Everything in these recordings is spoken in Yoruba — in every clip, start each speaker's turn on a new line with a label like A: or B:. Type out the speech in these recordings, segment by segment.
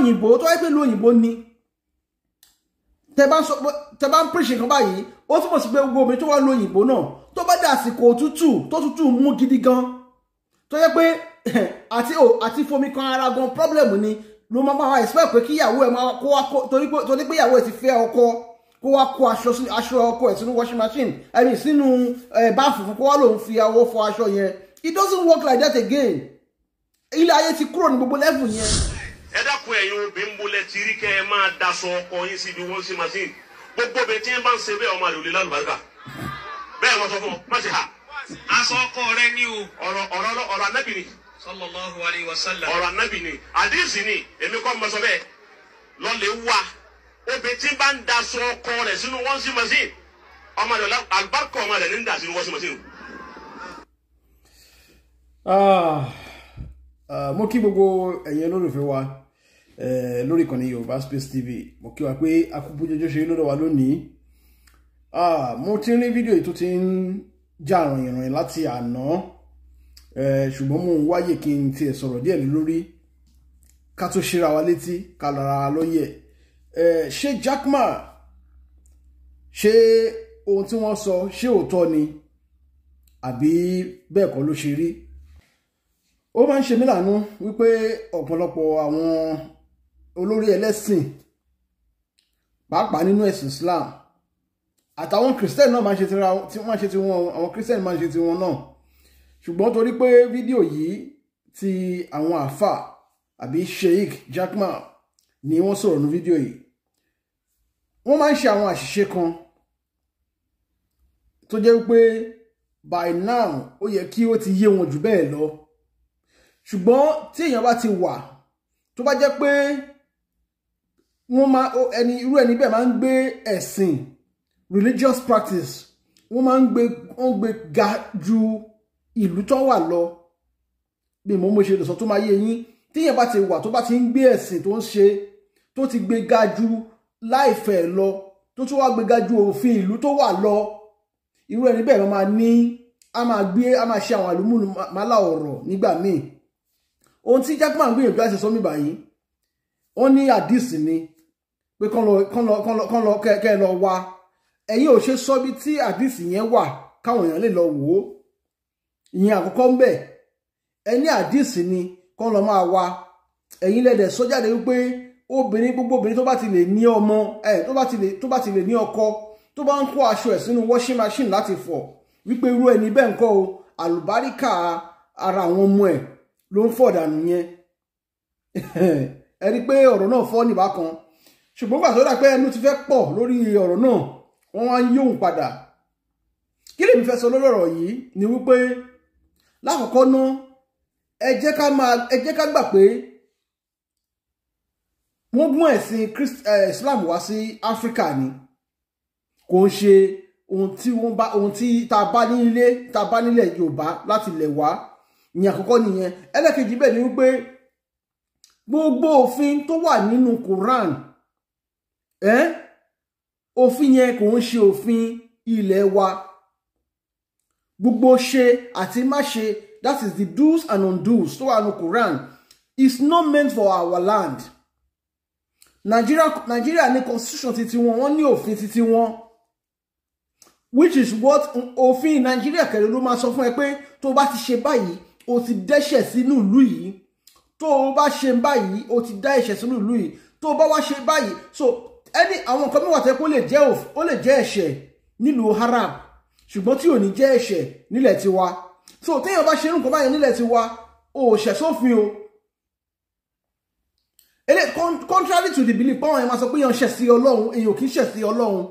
A: òyìnbó tó wáyé pé ìlú òyìnbó ni tẹ bá ń pèsè nǹkan báyìí ó túmọ̀ sí pé gbogbo omi tó wà ló òyìnbó náà tó bá dé àsìkò òtútù tó tútù mú gidi gan tó yẹ pé àti ò àti fomi kan ara gan Problem ni ló máa máa expect pé kí ìyàwó ẹ̀ máa kó wá kó torí pé ìyàwó ẹ̀ ti fẹ́ ọkọ kó wá kó aṣọ ọkọ ẹ̀ sínú washing machine ẹ̀mí sínú eh, báàfù fún kó wá lòun fi owó fọ aṣọ yẹn it doesn't work like that again ilé ayé ti kúrò ní gbogbo level yẹn ẹ dákun ẹ̀yin obìnrin bolẹ̀ ti kẹ́ ẹ máa daṣọ ọkọ yín síbi wọ́n sí machine gbogbo bẹ tí bá ń ṣe bẹ́ẹ̀ ọmọ rẹ̀ ò lè lálùbáríkà bẹ́ẹ̀ wọ́n sọ fún ọ má ṣe hà. aṣọ ọkọ rẹ ni o. ọ̀rọ̀ ọ̀rọ̀ ọ̀rọ̀ anábì ni. sallallahu alayhi wa sallam. ọ̀rọ̀ anábì ni àdìsí ni èmi kọ́ mọ sọ bẹ́ẹ̀ lọ́lẹ̀ wá obìnrin tí bá ń daṣọ ọkọ rẹ̀ sínú wọ́n sí machine ọmọ rẹ̀ ah, ah, mo kí gbogbo ẹ̀yin olólùfẹ́ wa Eh, lórí ìkànnì yorùbá space tv mo kí wa pé akúkú jọjọ ṣe lọ́dọ̀ wa lónìí ah, mo ti rí fídíò yìí tó ti ń já àrùn ìrìn láti àná eh, ṣùgbọ́n mo ń wáyè kí n tiẹ̀ sọ̀rọ̀ díẹ̀ lórí ká tó ṣe ra wa létí ká lára wa lóye eh, ṣé Jack Ma ṣé ohun tí wọ́n sọ ṣé òótọ́ ni àbí bẹ́ẹ̀ kọ́ ló ṣe rí ó máa ń ṣe mí láàánú wípé ọ̀pọ̀lọpọ̀ àwọn olórí ẹlẹ́sìn pàápàá nínú ẹ̀sìn Islam àtàwọn Christian náà máa ṣe ti wọn àwọn Christian máa ṣe ti wọn náà ṣùgbọ́n torí pé fídíò yìí ti àwọn àfà àbí Sheikh Jackman ni wọ́n sọ̀rọ̀ ní fídíò yìí wọ́n máa ń ṣe àwọn àṣìṣe kan tó jẹ́ pé by now ó yẹ kí ó ti yé wọn jù bẹ́ẹ̀ lọ ṣùgbọ́n tí èèyàn bá ti wà tó bá jẹ́ pé wọ́n máa ẹni irú ẹni bẹ́ẹ̀ máa ń gbé ẹ̀sìn religious practice wọ́n máa ń gbé wọ́n gbé ga ju ìlú tó wà lọ bí mo mo ṣe lè sọ tó máa yé yín tíyẹn bá ti wà tó bá ti ń gbé ẹ̀sìn tó ń ṣe tó ti gbé ga ju láìfẹ́ lọ tó tún wá gbé ga ju òfin ìlú tó wà lọ irú ẹni bẹ́ẹ̀ máa ní a máa gbé a máa ṣe àwọn àlùmúlù màálà ọ̀rọ̀ nígbà míì ohun tí Jaqmal gbìyànjú àti sọmí báyìí wọ́n ní àdìsí ni pé kán lọ kán lọ kán lọ kán lọ kẹ́ ẹ lọ wá ẹ̀yin ò ṣe sọ bí tí àdìsí yẹn wà káwọn èèyàn lè lọ wò ó ìyẹn àkọ́kọ́ ń bẹ̀ ẹni àdìsí ni kán lọ máa wá ẹ̀yin lẹ́dẹ̀ sọ jáde wípé obìnrin gbogbo obìnrin tó bá ti lè ní ọmọ ẹ tó bá ti lè tó bá ti lè ní ọkọ tó bá ń kó aṣọ ẹ̀ sínú washing machine láti fọ̀ wípé irú ẹni bẹ́ẹ̀ ń kọ́ o àlùbáríkà ara àwọn ọmọ ẹ̀ ló ń fọ̀ dànù yẹn ẹ rí i pé ọ̀rọ̀ náà fọ́ níbàkan ṣùgbọ́n gbà tó dà pé ẹnu ti fẹ́ pọ̀ lórí ọ̀rọ̀ náà wọ́n wá ń yóhùn padà kí lèmi fẹ́ sọ lórí ọ̀rọ̀ yìí ni wípé lákọ̀ọ́kọ́ ná ẹ jẹ́ ká máa ẹ jẹ́ ká gbà pé wọ́n mú ẹ̀sìn Islam wá sí Áfíríkà ni kò ń ṣe ohun tí wọ́n bá ohun tí tá a bá nílé tá a bá nílẹ̀ Yorùbá láti lẹ̀ wá ní àkọ́kọ́ nìyẹn ẹlẹ́kejì bẹ́ẹ̀ ni wípé gbogbo òfin tó wà nínú Quran ẹ́ òfin yẹn kò ń ṣe òfin ilẹ̀ wa gbogbo ṣe àti má ṣe that is the do's and undo's tó wà ní Quran is not meant for our land Nigeria Nigeria ní constitution titi wọn wọ́n ní òfin titi wọn which is what òfin Nigeria kẹrẹ ló máa sọ fún ẹ pé tó o bá ti ṣe báyìí o ti dẹ́ṣẹ̀ sínú ìlú yìí tó o bá ṣe báyìí o ti dá ẹ̀ṣẹ̀ sínú ìlú yìí tó o bá wá ṣe báyìí so ẹni àwọn nǹkan mẹ́wàá tẹ́ pé ó lè jẹ́ ó lè jẹ́ ẹ̀ṣẹ̀ nílùú haram ṣùgbọ́n tí ò ní jẹ́ ẹ̀ṣẹ̀ nílẹ̀ tiwa so téèyàn bá ṣe irú nǹkan báyẹn nílẹ̀ tiwa ò ṣẹ̀ sófin o ele contrary to the belief báwọn ẹ̀ máa sọ pé èèyàn ṣẹ̀ sí ọlọ́run èèyàn kì í ṣẹ̀ sí ọlọ́run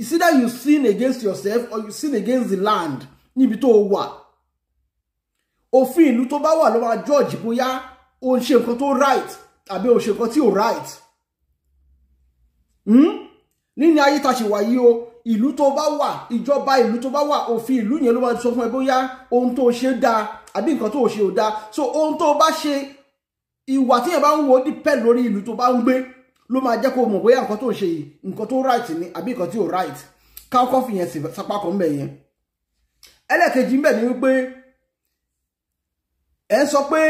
A: it's either you sin against yourself or you sin against the land níbi tó o wà òfin ìlú tó bá wà ló máa judge bóyá o ń ṣe nǹkan tó right àbí o ṣe nǹkan tí ò right. Hmm? nínú ayé tá a ṣe wà yìí o ìlú tó bá wà ìjọba ìlú tó bá wà òfin ìlú yẹn ló máa sọ fún ẹ bóyá ohun tó ṣe dáa àbí nǹkan tó ṣe ò dáa so ohun tó bá ṣe ìwà tíyẹn bá ń wo depend lórí ìlú tó bá ń gbé ló máa jẹ́ kó mọ̀ bóyá nǹkan tó ṣe yìí nǹkan tó right ni àbí nǹkan tí ò right káwọ́kọ́ fi yẹn sapá kan mbẹ̀ yẹn ẹlẹ́ẹ̀kejì mbẹ̀ ni wípé ẹ sọ pé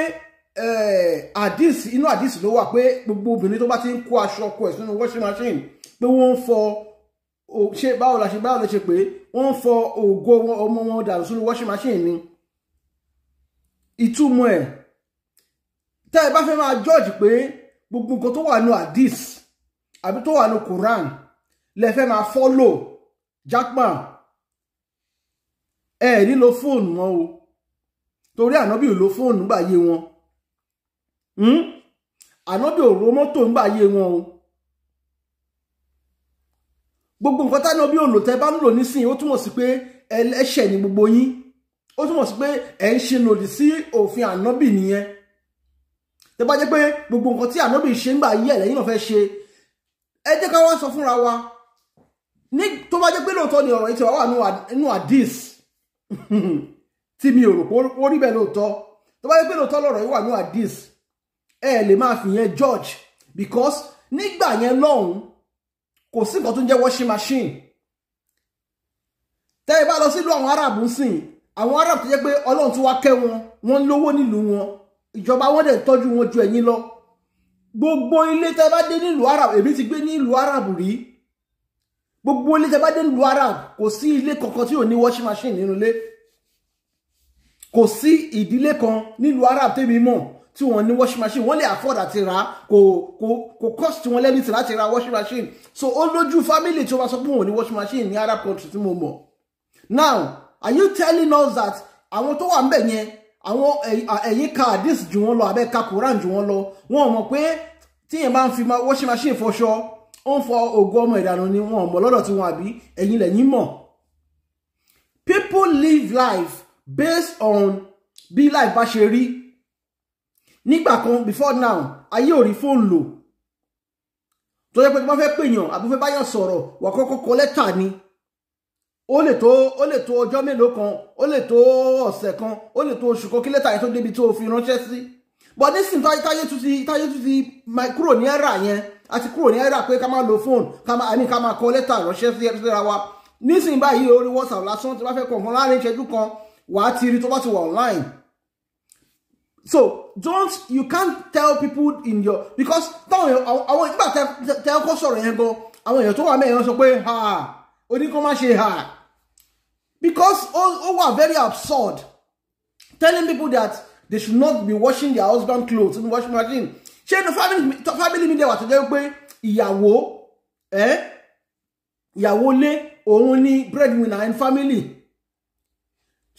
A: àdìs eh, inú àdìs ló wà pé gbogbo obìnrin tó bá ti ń kó aṣọ ọkọ ẹ̀ sínú washing machine pé wọ́n ń fọ ṣe báwo la ṣe báwo la ṣe pé wọ́n ń fọ ògo ọmọ wọn dànù washing machine ni ìtumọ̀ ẹ̀ tá ẹ bá fẹ́ máa judge pé gbogbo nǹkan tó wà nù àdìs àbí tó wà nù Quran lẹ fẹ́ máa follow Jackman Eh, ẹ nílò fóònù mọ́ o torí ànábì ò phone, fóònù gbàyé wọn Hmm? ànábì ò ro mọ́tò ń gbàyé wọn o gbogbo nǹkan tá ànábì ò lò tẹ́ bá ń lò nísìnyí ó túmọ̀ sí pé ẹlẹ́ṣẹ̀ ni gbogbo yín ó túmọ̀ sí pé ẹ̀ ń ṣe lòdì sí òfin ànábì nìyẹn tẹ́ bá jẹ́ pé gbogbo nǹkan tí ànábì ṣe ń gbà yí ẹ̀lẹ́yìn náà fẹ́ ṣe ẹ jẹ́ ká wá sọ fúnra wa ní tó bá jẹ́ pé lóòótọ́ ni ọ̀rọ̀ yìí ti wà wà nínú àdìs tí mi ò rò pé ó rí bẹ́ẹ̀ lóòótọ́ tó bá jẹ́ pé lóòótọ́ lọ̀rọ̀ yìí wà nínú àdìs ẹ lè máa fi yẹn judge because nígbà yẹn lọ́hùn kò sí nǹkan tó ń jẹ́ washing machine tẹ́ ẹ bá lọ sílùú àwọn arab ń sìn àwọn arab tó jẹ́ pé ọlọ́run tó wá kẹ́ wọn wọ́n lówó nílùú wọn ìjọba wọn dẹ̀ tọ́jú wọn ju ẹ̀yìn lọ gbogbo ilé tẹ́ bá dé nílùú arab èmi ti gbé nílùú arab rí gbogbo ilé tẹ́ bá dé nílùú arab kò sí ilé kankan tí ò ní washing machine nínú ilé kò sí ìdílé kan nílùú arab tẹ́mi mọ̀ tí wọ́n ní washing machine wọ́n lè afford àti ra kò kò kò cost wọn lẹ́nìtì láti ra washing machine so ó lójú family tí wọ́n bá sọ pé wọ́n ní washing machine ní arab country tí mo mọ̀ now are you telling us that àwọn tó wà ńbẹ̀ yẹn àwọn ẹ̀yin ka hadith jù wọ́n lọ abẹ́ ka quran jù wọ́n lọ wọ́n mọ̀ pé tíyẹn bá ń fi washing machine fọṣọ ó ń fọ ògo ọmọ ìdànù ni wọ́n mọ̀ lọ́dọ̀ tí wọ́n àbí ẹ̀yin lẹ́yìn mọ̀ people live life based on bí life bá ṣe rí nígbà kan before now ayé ò rí fóònù lò tó yẹ pé wọ́n fẹ́ pèèyàn àbí fẹ́ báyọ̀ sọ̀rọ̀ wà kọ́kọ́ kọ lẹ́tà ni ó lè tó ó lè tó ọjọ́ mélòó kan ó lè tó ọ̀sẹ̀ kan ó lè tó oṣù kan kí lẹ́tà yẹn tó débi tó fi ránṣẹ́ sí but nísìnyí táyé tún táyé tún kúrò ní ẹ̀rà yẹn àti kúrò ní ẹ̀rà pé ká máa lo fóònù ká máa àmì ká máa kọ lẹ́tà ránṣẹ́ sí ẹ̀rọ wa nísìnyí báyìí orí WhatsApp lásán tí wọ́n fẹ́ kọ̀ọ̀kan láàrin ìṣẹ́jú kan wàá ti rí tó bá ti wà online so don't you can't tell people in your because táwọn èèyàn àwọn ìgbà tẹ ọkọ sọ̀rọ̀ yẹn gan àwọn èèyàn tó wà mẹ́rin sọ pé ha oníkan má ṣe ha because ó ó wà very absurd telling people that they should not be washing their husband clothes in washing machine ṣé inú family mi dẹ̀ wà tó jẹ́ pé ìyàwó ẹ̀ eh, ìyàwó lé òun ni breadwinner in family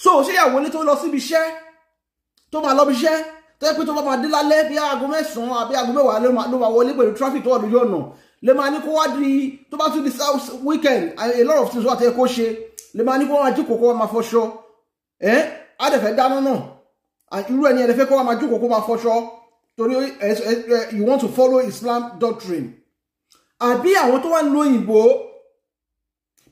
A: so ṣé ìyàwó lé tó lọ síbi iṣẹ́ tó máa lọ bí iṣẹ́ tẹ́pẹ́ tó bá máa dé lálẹ́ bí aago mẹ́sàn-án àbí aago mẹ́wàá ló máa wọlé pẹ̀lú traffic tó wà lójú ọ̀nà lè máa ní kó wá di tó bá tún di south weekend a lot of things wà tẹ́ kó ṣe lè máa ní kó máa jókòó kó máa fọṣọ ẹ́ á dẹ̀ fẹ́ dáná náà irú ẹni ẹ̀dẹ̀ fẹ́ kó máa jókòó kó máa fọṣọ torí you want to follow Islam doctrine àbí àwọn tó wà ní òyìnbó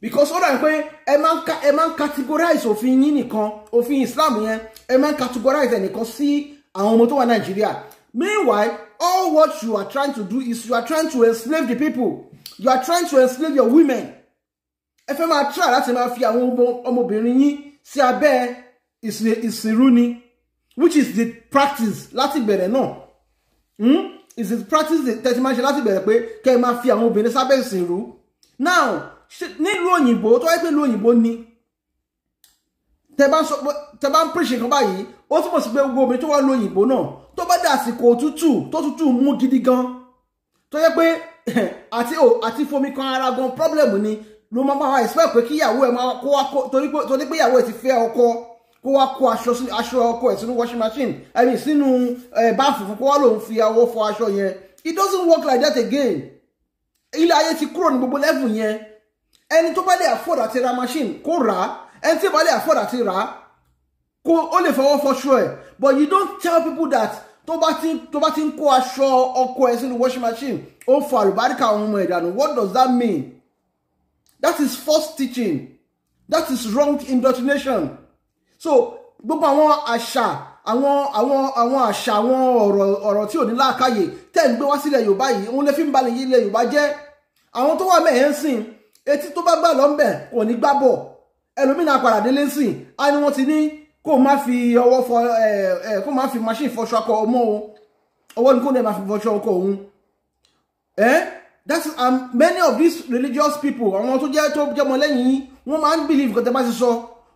A: because ó dà pé ẹ máa ń ẹ máa ń categorize òfin yín nìkan òfin Islam yẹn ẹ máa ń categorize ẹnìkan sí àwọn ọmọ tó wà nàìjíríà meanwhile all what you are trying to do is you are trying to enslave the people you are trying to enslave your women ẹ fẹ́ máa try láti máa fi àwọn ọmọbìnrin yín sí abẹ́ ìsìnrú ni which is the practice láti bẹ̀rẹ̀ náà hmm? is the practice tẹ̀sí máa ṣe láti bẹ̀rẹ̀ pé kẹ́ ẹ máa fi àwọn obìnrin sábẹ́ ìsìnrú now nílùú òyìnbó tó wáyé pé ìlú òyìnbó ni tẹ bá ń pèsè nǹkan báyìí ó túmọ̀ sí pé gbogbo omi tó wà lóyìnbó náà tó bá dà sí kò tútù tó tútù mú gidi gan tó yẹ pé àti ò àti fomi kan ara gan problem ni ló máa máa expect pé kíyàwó ẹ máa kó wá kó torí pé ìyàwó ẹ ti fẹ́ ọkọ kó wá kó aṣọ ọkọ ẹ sínú washing machine ẹni sínú báàfù fún kó wá lòun fi awọ fọ aṣọ yẹn it doesn't work like that again ilé ayé ti kúrò ní gbogbo level yẹn ẹni tó bá lè afford àti ra machine kó rà ẹni tí ìbálẹ̀ afford àti rà á kó ó lè fọwọ́ fọṣọ ẹ̀ but you don't tell people that tó bá ti tó bá ti ń kó aṣọ ọkọ ẹ sínú washing machine ó ń fọ àlùbáríkà àwọn ọmọ ẹ̀ what does that mean that is false teaching that is wrong indoctrination so gbogbo àwọn àṣà àwọn àwọn àwọn àṣà àwọn ọ̀rọ̀ ọ̀rọ̀ tí ò ní láàkáyè tẹ̀ ń gbé wá sílẹ̀ yorùbá yìí òun lè fi ń balẹ̀ yìí ilẹ̀ yorùbá jẹ́ àwọn tó wà mẹ́hẹ́ ń sìn etí tó bá gbà lọ́nbẹ̀ kò ní gbà bọ̀ ẹlòmínà padà délé sìn á ní wọ́n ti ní kó má fi ọwọ́ fọ ẹ kó má fi machine fọṣọ akọ ọmọ òun ọwọ́ ni kó náà má fi fọṣọ ọkọ òun ẹ that um, many of these religious people àwọn tó jẹ́ tó jẹ́ ọmọlẹ́yìn yìí máa ń believe nǹkan tẹ́ bá ti sọ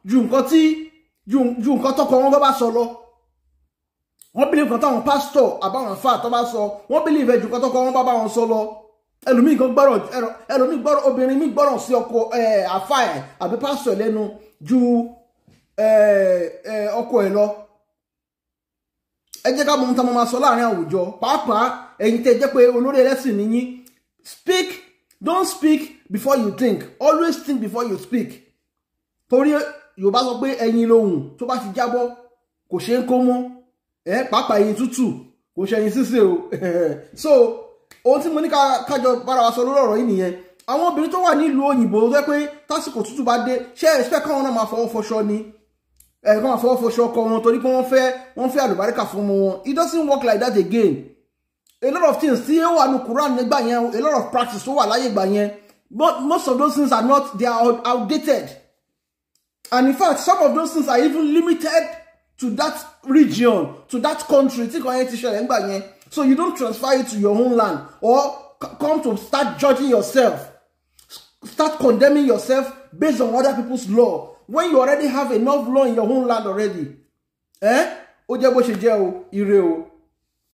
A: ju nǹkan tí ju nǹkan tọkọ wọn bá sọ lọ wọ́n believe nǹkan táwọn pastor àbáwọn fà tó bá sọ wọ́n believe ẹ̀ ju nǹkan tọkọ wọn bá bá wọn sọ lọ ẹlòmíì kan gbọ́rọ̀ ẹlòmíì gbọ́rọ̀ obìnrin mi gbọ́rọ̀ sí ọkọ àfa ẹ̀ àbí pásítọ̀ lẹ́nu ju ọkọ ẹ̀ lọ ẹ jẹ́ ká mọ ohun tá a máa sọ láàrin àwùjọ pàápàá ẹ̀yin tẹ́ jẹ́ pé olórí ẹlẹ́sìn nìyí speak don't speak before you think always think before you speak torí yorùbá sọ pé ẹyin lohùn tó bá ti jábọ́ kò ṣeé kó mọ́ ẹ pàápàá ẹyin tútù kò ṣe ẹyin sísè o so ohun tí mo ní kájọ bára wa sọ lórí ọ̀rọ̀ yìí nìyẹn àwọn obìnrin tó wà nílùú òyìnbó tó pé tásìkò tútù bá dé ṣé respect káwọn náà máa fọwọ́ fọṣọ ni ẹ kọ́ máa fọwọ́ fọṣọ ọkọ wọn torí pé wọ́n fẹ́ wọ́n fẹ́ àlùbáríkà fún ọmọ wọn it doesn't work like that again a lot of things tí ó wà ní Quran nígbà yẹn a lot of practice tó wà láyé ìgbà yẹn but most of those things are not they are outdated and in fact some of those things are even limited to that region to that country tí kan yẹn ti ṣẹlẹ̀ ńgbà yẹn So you don't transfer it to your own land or come to start judging yourself, start condemning yourself based on other people's law when you already have enough law in your own land already. Eh? Ó jẹ́ bó ṣe jẹ́ o, ire o.